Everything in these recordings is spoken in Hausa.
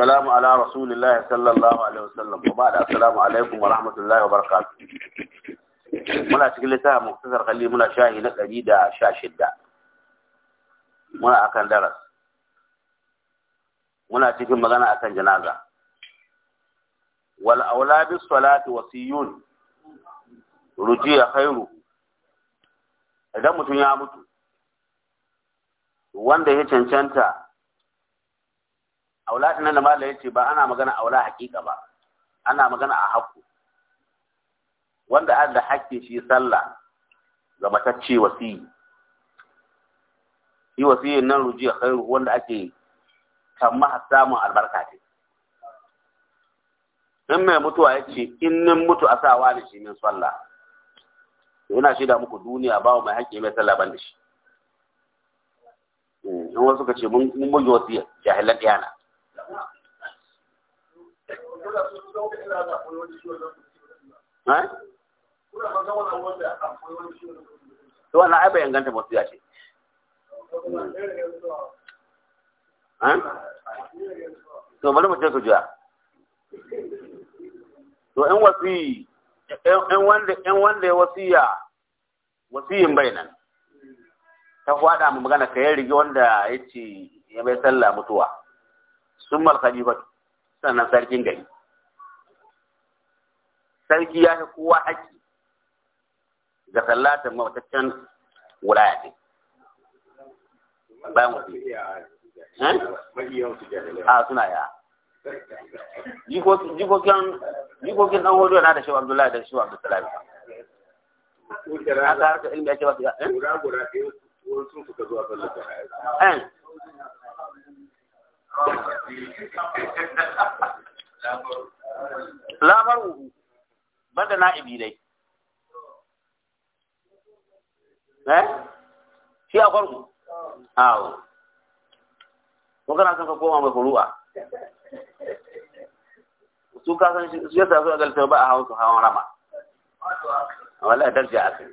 السلام على رسول الله صلى الله عليه وسلم وبعد السلام عليكم ورحمة الله وبركاته muna cikin littafin muktasar kalli muna shahi na ɗari da sha shidda muna akan daras muna cikin magana akan janaza wal aula bis salati wasiyun rujiya khairu idan mutum ya mutu wanda ya cancanta aula din nan da malai yace ba ana magana aula hakika ba ana magana a haku. wanda an da shi sallah ga matacce wasiyi yi wasiyin nan rujiya khairu wanda ake tamma samun albarka ce in mai mutuwa ya ce in nin mutu a sawa da shi min sallah yana da muku duniya ba mai haƙƙi mai sallah ban da shi hmm, in wasu ka ce mun bugi wasu jahilan ɗiyana to wannan ai bai inganta masu yace to bari mu ce su jiya to in wasi in wanda in wanda ya wasiya wasiyin bai nan ta faɗa mu magana ka yi rigi wanda ya ce ya bai sallah mutuwa sun mal khalifatu sannan sarkin gari sarki ya fi kowa haƙƙi ga sallatin mawataccen wulaya ne bayan wasu eh? a suna ya jikokin ɗan hodo na da shi abdullahi da shi abdullahi a ta harkar ilmi ya ce wasu ya eh? ɗin? lamar uhu banda na'ibi dai eh shi a farko awo ko kana son ka koma mai furu'a su ka san su yasa su ga ba a hawan su hawan rama A wala darja akai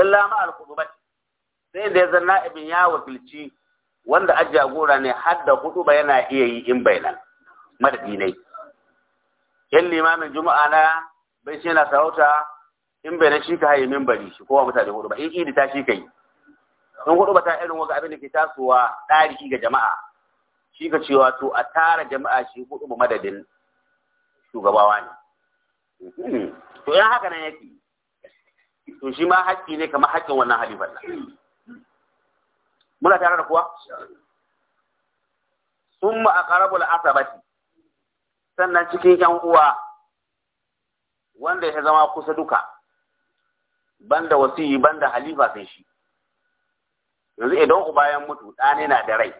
illa ma al-qudubat sai da ya zanna ibn ya wakilci wanda a jagora ne har da hudu ba yana iya yi in bai nan madadi ne yan limamin juma'a na bai shi yana sarauta in bai nan shi ka haye bari shi kowa mutane hudu ba in idi ta shi ka yi in hudu ba ta irin waga abin da ke tasowa tarihi ga jama'a shi ka cewa to a tara jama'a shi hudu ba madadin shugabawa ne hmm. to yan haka nan yake to shi ma haƙƙi ne kamar haƙƙin wannan halifar nan muna tare da kuwa summa aqrabul asabati sannan cikin yan uwa wanda ya zama kusa duka banda wasiyi banda halifa sai shi yanzu idan ku bayan mutu ɗane na da rai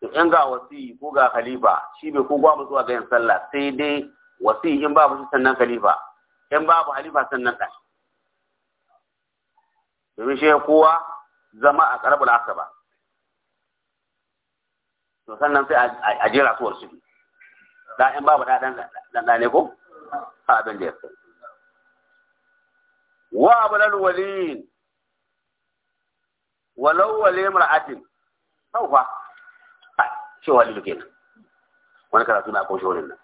to in ga wasiyi ko ga halifa shi bai ko gwamu zuwa gayan sallah sai dai wasiyi in babu shi sannan halifa in babu halifa sannan ɗan domin shi kowa zama a aka ba. to sannan sai a jera su wasu da in babu da ɗan ɗane ko a abin da ya fi wa abul waliyin walau wali hau ba a ce wali duke wani karatu na akwai shorin nan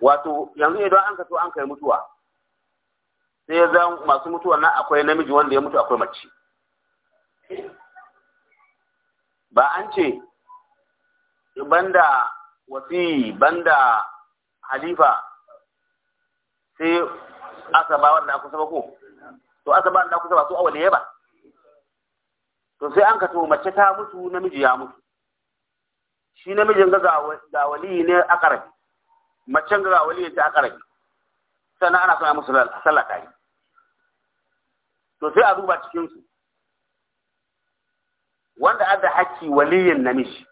wato yanzu idan an ka so an kai mutuwa sai ya zan masu mutuwa na akwai namiji wanda ya mutu akwai mace ba an ce banda wasi banda halifa sai ba wanda aka saba ko to ba wanda aka saba su awaliye ba to sai an ka to mace ta mutu namiji ya mutu shi namijin ga ga wali ne a karabi macen ga wali ne a karabi sannan ana sana musu sallah kai to sai a duba cikin su wanda aka haƙƙi waliyin namiji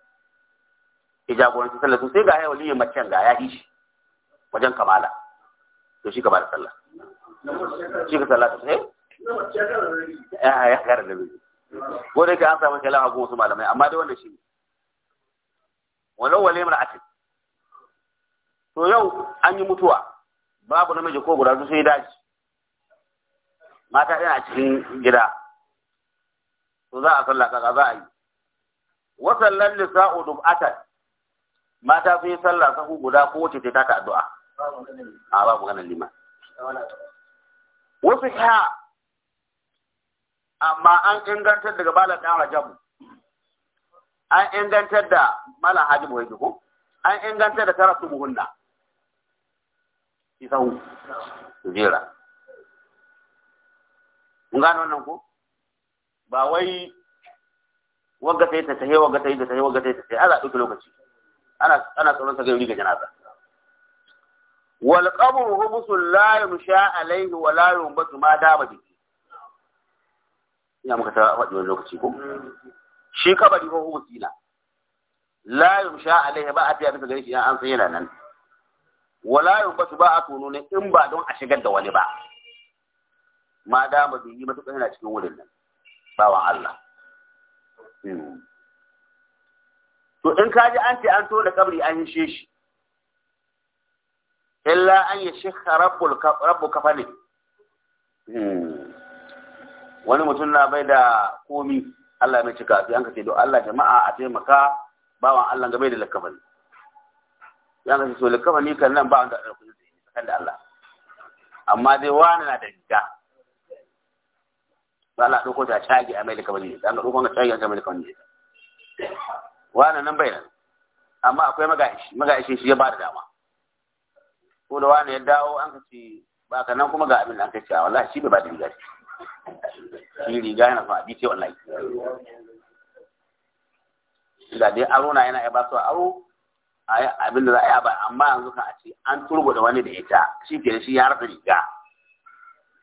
ya jagoranci sallah to sai ga ya waliyin macen ga ya ishi wajen kamala to shi ka bada sallah shi ka sallah to sai ya kara da biyu ko ka an samu kalan abu wasu malamai amma dai wanda shi ne walau wale mara atin to yau an yi mutuwa babu namiji ko guda su sai daji mata ɗaya a cikin gida to za a sallah kaza za a yi wa sallan nisa'u dub'atan mata sun yi sallah sahu guda ko wace ta taka addu'a a babu ganin liman wasu ha amma an ingantar daga malam dan rajabu an ingantar da malam hajibu wai ko an ingantar da karatu buhunna isahu jira ngano nan ko ba wai wagga sai ta tahe wagga sai ta tahe wagga sai ta tahe ana ɗauki lokaci ana ana tsoron sa gauri ga janaza wal qabru hubsul la yumsha alaihi wa la yumbatu ma ba bi ina muka ta faɗi wani lokaci ko shi kabari ko hubsi na la yumsha alaihi ba a fiya bisa gare shi an san yana nan la yumbatu ba a tono ne in ba don a shigar da wani ba ma dama yi matuƙa yana cikin wurin nan bawan Allah to in kaji an ce an tona kabri an yi sheshi, illa an yi shekha kafa ne. wani mutum na bai da komi Allah mai cika sai an ka ce Do Allah jama'a a taimaka bawan Allah ga bai da lakabani ya ka ce so ne kan nan ba wanda a ɗaukar da Allah amma dai wani na da riga ba a ɗauko ta cagi a mailika ne, da Allah ɗauko ta cagi a mailika wani nan bai nan amma akwai magashi magashi shi ya ba da dama ko da wani ya dawo an kace ba ka nan kuma ga abin da an kace a ah, wallahi shi bai ba da riga shi riga yana fa abi ce wallahi da dai aro na yana ya ba su aro abin da za a yi ba amma yanzu kan a ce an turbo da wani da ita shi ke shi ya rasa riga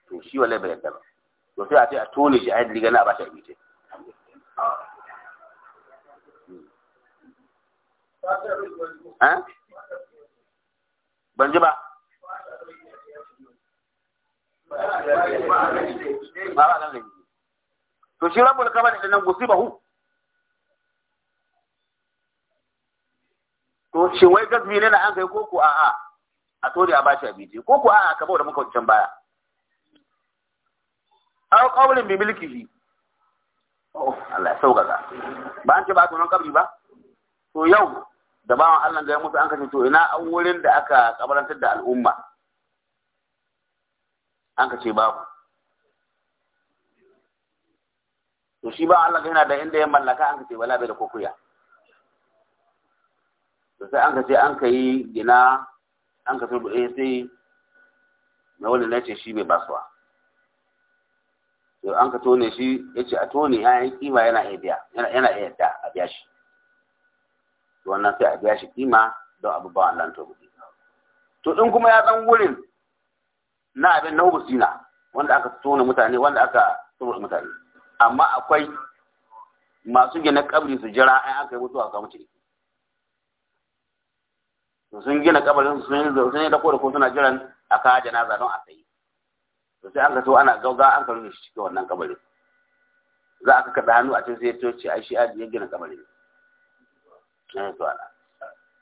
to shi wallahi bai yarda ba to sai a ce a tone shi a yadda riga na ba shi abinci eh? ban ji ba ba ba nan laifi to shi da kama da nan musibahu to shi wai gazmi ne na an kai koko a'a a tori a bashi abinci koko a'a ka bau da muka wancan baya aw qawlin bi milkihi oh Allah ya sauƙaƙa ba an ce ba tonon kabri ba to yau da bawan Allah da musu mutu an kace to ina an wurin da aka kabarantar da al'umma an kace babu to shi ba Allah yana da inda ya mallaka an kace wala bai da kokuya to sai an kace an kai gina an kace eh, sai na wani ce shi bai basuwa to an ka tone shi ya ce a tone ya yi kima yana iya biya yana iya yadda a biya shi to wannan sai a biya shi kima don abubuwan wannan to buɗe to ɗin kuma ya ɗan wurin na abin na hubusina wanda aka tone mutane wanda aka tsoron mutane amma akwai masu gina kabri su jira ai aka yi mutuwa ka to sun gina kabarin sun yi da ko suna jiran a kawo na don a sayi to sai an so ana gauga an ka rufe shi cikin wannan kabarin za a kaɗa hannu a cikin sai ya ce ai shi ya gina kabarin na eh, yanzu ana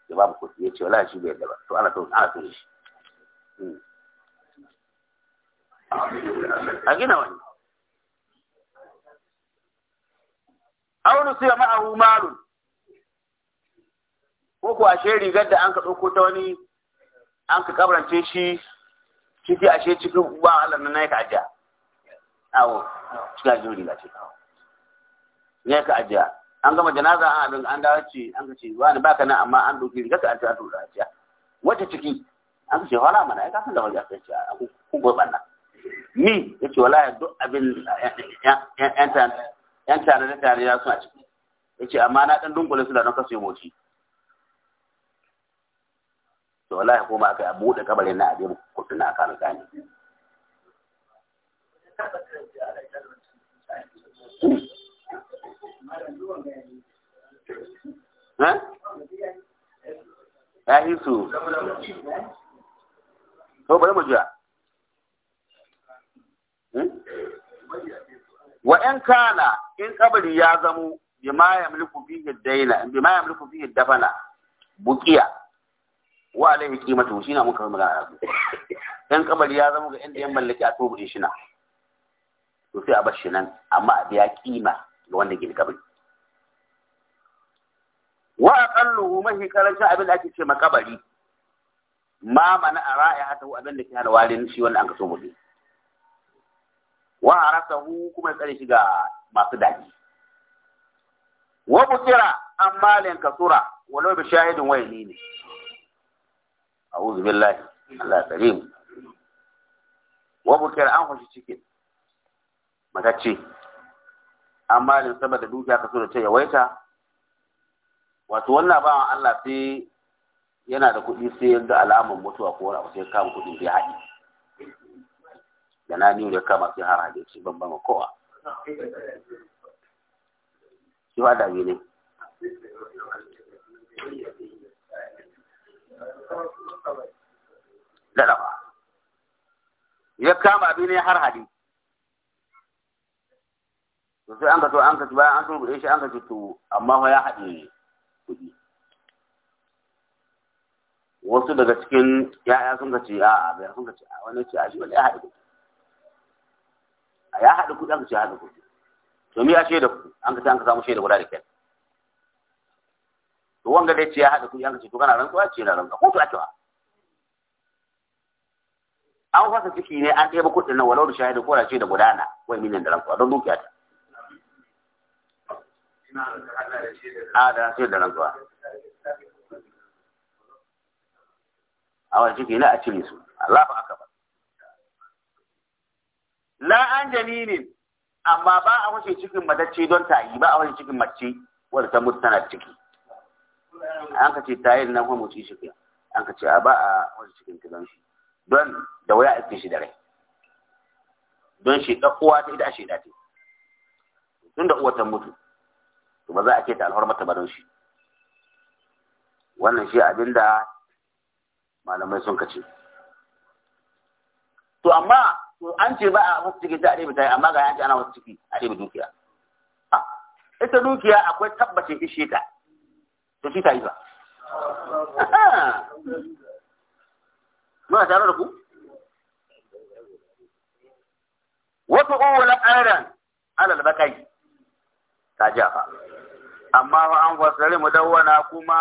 ya babu kuɗi ya ce wala shi bai da ba to ana tun ana tun shi hmm. a gina wani aunu sai ma'ahu malun ko ko ashe rigar da an ka ɗauko ta wani an ka kabarance shi kifi ashe cikin uba Allah na yake ajiya awo cika jin riga ce ne ka ajiya an gama janaza an abin an dawo ce an kace ce wani baka nan amma an doki riga ka an ta tura ajiya wata ciki an kace ce wala mana ya kasan da wajen aka ce ku kuma nan ni ya ce wala duk abin yan tare da tare ya suna ciki ya ce amma na dan dunkule su da na kasu yi moci to wallahi ko ma aka buɗe kabarin na abin kuɗin na kan gani ha ya yi su to bari mu jira hmm? wa in kana in kabari ya zamo bima yamliku fihi daina bima yamliku fihi dafana bukiya wa alaihi qimatu shi na muka magana dan kabari ya zama ga inda yan mallaki a tubu shi na to sai a bar shi nan amma a biya kima ga wanda ke kabari wa aqallu mahi karancin abin da ake ce makabari ma mana a ra'ayata abin da ke hana warin shi wanda an ka so mu wa arasahu kuma tsare shi ga masu daji wa bukira amma lan kasura walau bi shahidin wayni ne a'udhu billahi Allah ya tsare mu wa an kwashi cikin matacce amma da saboda dukiya kaso da ta yawaita wato wannan bawan Allah sai yana da kuɗi sai ya ga alamar mutuwa ko wani abu sai kama kuɗi bai haɗi da na niyu kama sai har haɗe shi ban bama kowa shi wa da ne lalaba ya kama abin ne har hadi sai an ka to an ka bayan an turbe shi an ka to amma fa ya hadi kudi. wasu daga cikin ya'ya sun ka ce a a bai sun ka ce a wani ce a shi wani ya haɗe A ya hadi kudi an ka ce hadi kudi to mi a shaida ku an ka ce an ka samu shaida guda da kyau to wanga dai ce ya hadi kudi an ka ce to kana rantsuwa ce na ranka ko to a wa an fasa ciki ne an ɗaya kuɗin nan walau da shahidu ko ce da gudana wai miliyan da rantsuwa don dukiya ta a da rantsuwa da rantsuwa a wani ciki ne a cire su Allah ba aka ba la an jalilin amma ba a wuce cikin matacce don ta yi ba a wuce cikin mace wadda ta mutu tana ciki an ka ce yi nan kuma mutu shi an ka ce a ba a wuce cikin don shi don da waya ake shi da rai don shi ɗakuwa ta ita a shaida ce tun da uwatan mutu to ba za a ce ta alhormata ba don shi wannan shi abinda malamai sun kace to amma to an ce ba a wasu ciki ta ɗebe tayi amma ga yanci ana wasu ciki a ɗebe dukiya ita dukiya akwai tabbacin ishe ta to shi ta yi ba suna tare da ku wasu uwala ayran alal bakai ta jafa amma fa an fasari mudawwana kuma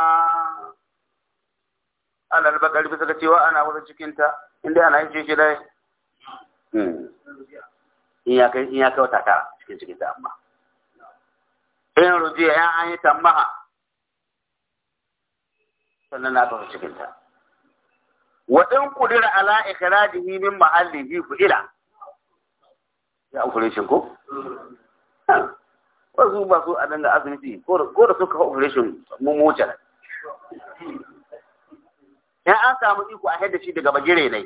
alal bakari bisa ga cewa ana wasu cikinta, inda ana yin shi dai hmm. in ya kai wata tara cikin cikin ta amma in rujiya ya an yi tambaha sannan na kawo cikinta. wa in qudira ala ikhrajihi min mahallihi fu'ila ya operation ko wasu ba su a danga asibiti ko da suka operation mun motar Ya an samu iko a haida daga bagire ne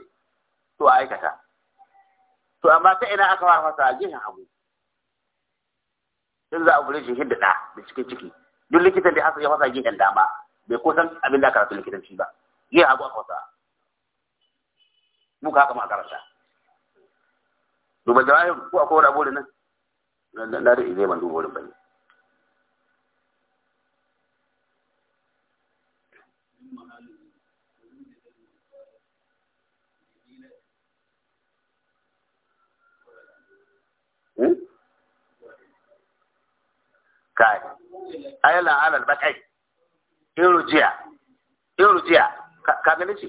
to a aikata to amma ta ina aka fara masa aljihin hagu in za a operation hidda da cikin ciki duk likitan da aka ya fasa gihin dama bai kusan abin da aka rasu likitanci ba yin hagu aka wasa mu ka haka ma karanta duba jawahir ko akwai wani abu nan na da izai ban duba wurin bane hmm? kai ayala alal bakai irujiya irujiya ka gane shi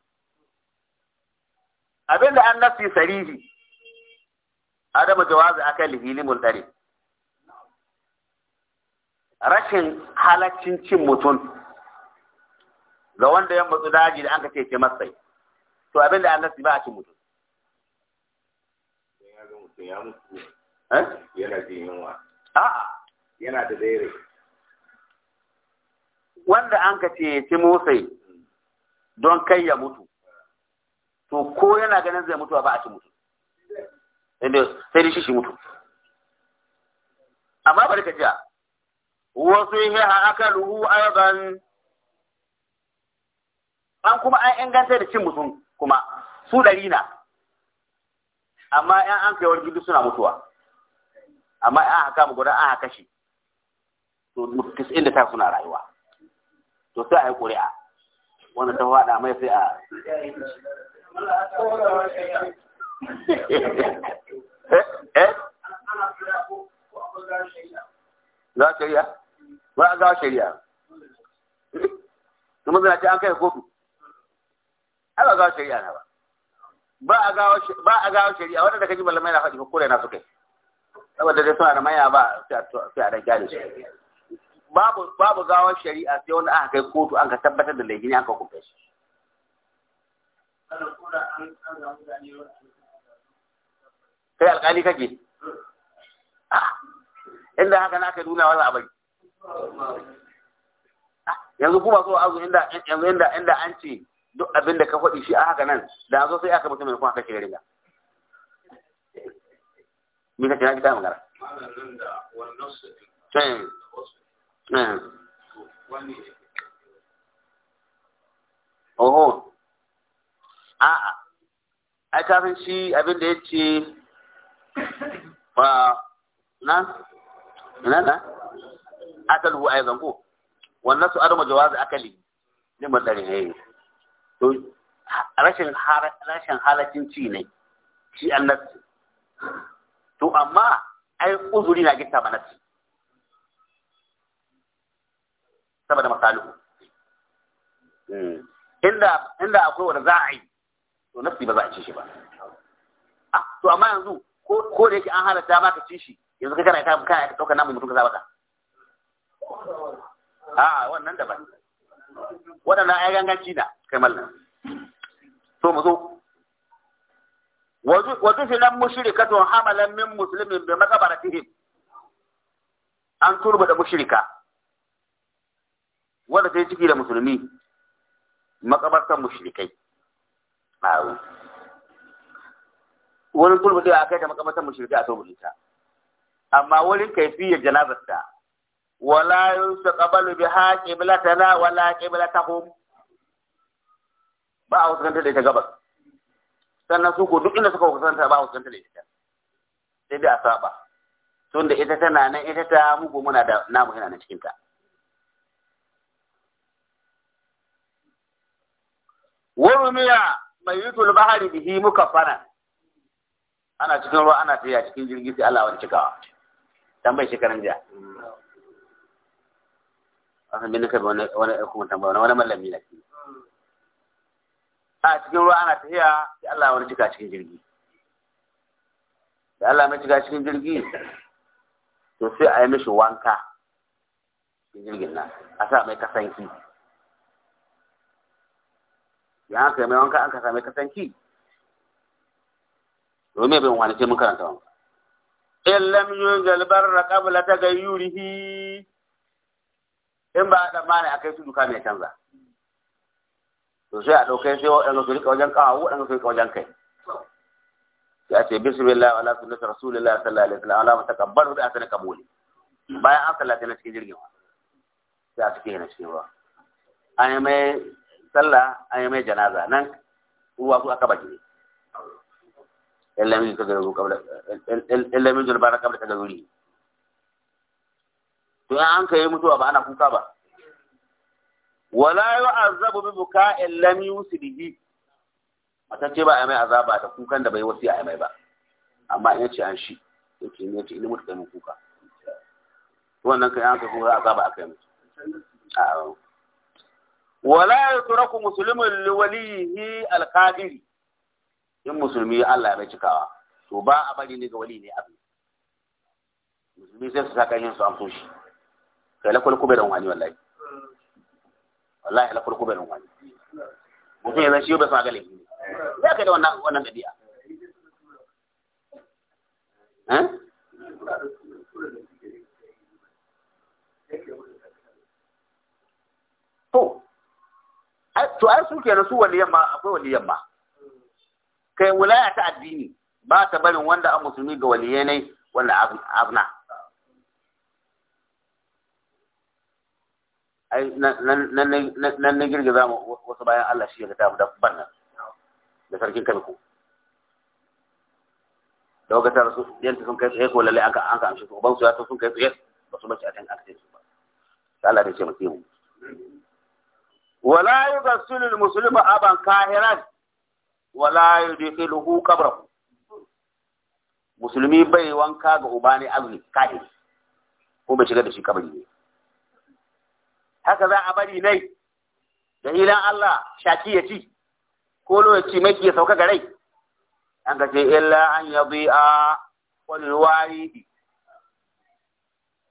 abin da an nafi sarihi adama jawazi akan lihili mulɗari rashin halaccin cin mutum ga wanda ya matsu daji da an ka ce masai to abin da an nafi ba a cin mutum eh? yana da wanda an ka ce ci motsai don kai ya mutu to ko yana ganin zai mutu ba a ci mutu sai dai shi shi mutu amma bari ka jiya wasu yi aka ruhu arban an kuma an inganta da cin mutum kuma su ɗari na amma ‘yan an kai wargi suna mutuwa amma ‘yan haka mu guda an haka shi to tis'in da ta suna rayuwa to sai a yi ƙuri'a wanda ta faɗa mai sai a Eh, eh? za ka iya ba a gawa shari'a kuma zana ce an kai kotu ai ba gawa shari'a na ba ba a gawa shari'a wanda da malamai na faɗi ko kore na saboda dai suna da ba sai a da gyale babu gawar shari'a sai wanda aka kai kotu an ka tabbatar da laifin an ka shi kai alƙali kake ah, inda haka na ka nuna wani abai ah, yanzu kuma so azu inda yanzu inda inda an ce duk abin da ka faɗi shi a haka nan da zo sai aka mutum mai kuma kashe riga me kake na kita magana Oh. a'a ai kafin shi abin da ya ce ba na na na akalu ai zango wannan su arma jawazi akali ne madari ne to rashin rashin halacin ci ne shi annabi to amma ai uzuri na gita mana ci saboda masalu hmm. inda inda akwai wanda za a yi to nafsi ba za a ci shi ba ah, to amma yanzu ko da yake an halatta ma ka ci shi yanzu kai kana ka ka dauka namu mutum ka zaba ka ah wannan daban waɗannan ai ganganci na kai mallan to mu zo wazu fi nan mushrikatun hamalan min muslimin bi maqabaratihim an turba da mushrika wanda ta yi ciki da musulmi makabartan mushrikai ma'aru wurin gulmutewa a kai da makamatan mushrika a tobulin ta amma wurin kaifiyar janabar ta wala yustaqbalu biha qiblatana wala qiblatahum ba a wasu da ita gabas sannan su ko duk inda suka kusanta ba a wasu da ita sai dai a saba tun da ita tana nan ita ta mugu muna da namu yana nan cikin ta miya. mai yutul bahari bihi muka fana ana cikin ruwa ana tafiya cikin jirgi sai Allah wani cikawa tambayi shekaran jiya asan bin kai wani wani kuma tambaya wani mallami na ki a cikin ruwa ana tafiya sai Allah wani cika cikin jirgi sai Allah mai cika cikin jirgi to sai a yi mishi wanka cikin jirgin nan a sa mai kasanki ya haka mai wanka an ka same kasanci domin bin wani ce mun karanta wanka in lam yunzal barra qabla tagayyurihi in ba da mani akai su duka mai canza to sai a dauke sai waɗanda su rika wajen kawo waɗanda su rika wajen kai ya ce bismillah ala sunnati rasulillah sallallahu alaihi wasallam ala mutakabbaru da asana kabuli bayan an sallata na cikin jirgin sai a cikin na cikin ruwa an yi mai sallah an yi mai janaza nan uwa su aka baki ne illamin ka garu kabla illamin julbara garuri to in an kai mutuwa ba ana kuka ba wala yu'azzabu bi buka'in lam yusbihi matacce ba a mai azaba ta kukan da bai wasu a mai ba amma in ce an shi yake ne ce ilimin kai mu kuka wannan kai an ka kuka azaba kai mutu wala yutraku muslimun liwalihi alqadiri in musulmi Allah ya bai cikawa to ba a bari ne ga wali ne abin musulmi sai su saka yin su an fushi kai lakwal kube da wani wallahi wallahi lakwal kube da wani mutum ya zan shi ba sa ga laifi ya kai da wannan wannan dabi'a eh to to ai su kenan su wani yamma, akwai wani yamma. kai wilaya ta addini ba ta barin wanda an musulmi ga wani yanayi wanda abna ai nan na girgiza mu wasu bayan Allah shi ya ta mu da bannan da sarkin kanku da wakatar su yanta sun kai tsaye ko lalle an ka an ka amshi su uban su ya ta sun kai tsaye ba su bace a can aka ce su ba Allah da ya ce mu wala yughsilu al-muslimu aban kahiran wala yudkhiluhu qabrahu musulmi bai wanka ga uba ne azumi kahiri ko bai shiga da shi kabari ne haka za a bari nai da ilan Allah shaki ya ci ko ci mai ya sauka garai? an ka ce illa an ya yadi'a wal waridi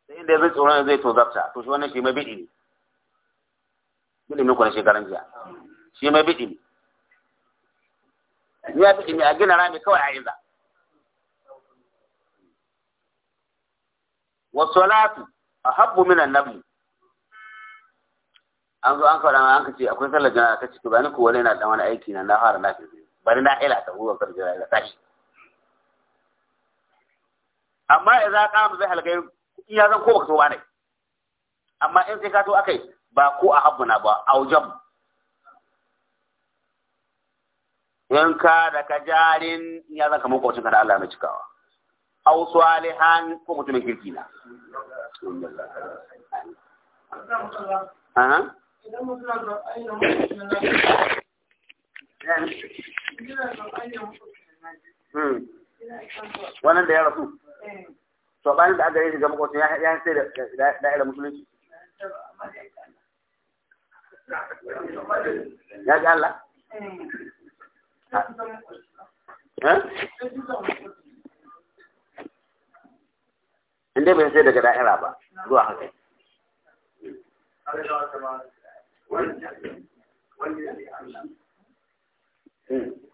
sai inda zai tsoron zai to zafta to shi wannan shi mabidi ne biɗi mi kono shekaran jiya shi mai biɗi mi ni ya biɗi mi a gina rami kawai a yi iza wa salatu ahabbu min annabi an zo an fara an kace akwai sallar jana'a ta ciki bani ko wani na dan wani aiki na na fara na fi bari na ila ta huwa sallar jana'a ta shi amma idan ka mu zai halgairu in ya zan ko baka so ba ne amma in sai ka to akai ba ko a habuna ba a yan yanka da ka jarin ya zan kamar kwacin kada Allah mai cikawa au salihan ko mutumin kirki na hmm. wannan da ya rasu to bayan da aka yi shiga makwacin ya sai da da'irar musulunci ya ji Allah? inda ¿Eh? bai sai daga da'ira ba zuwa haka ya hmm.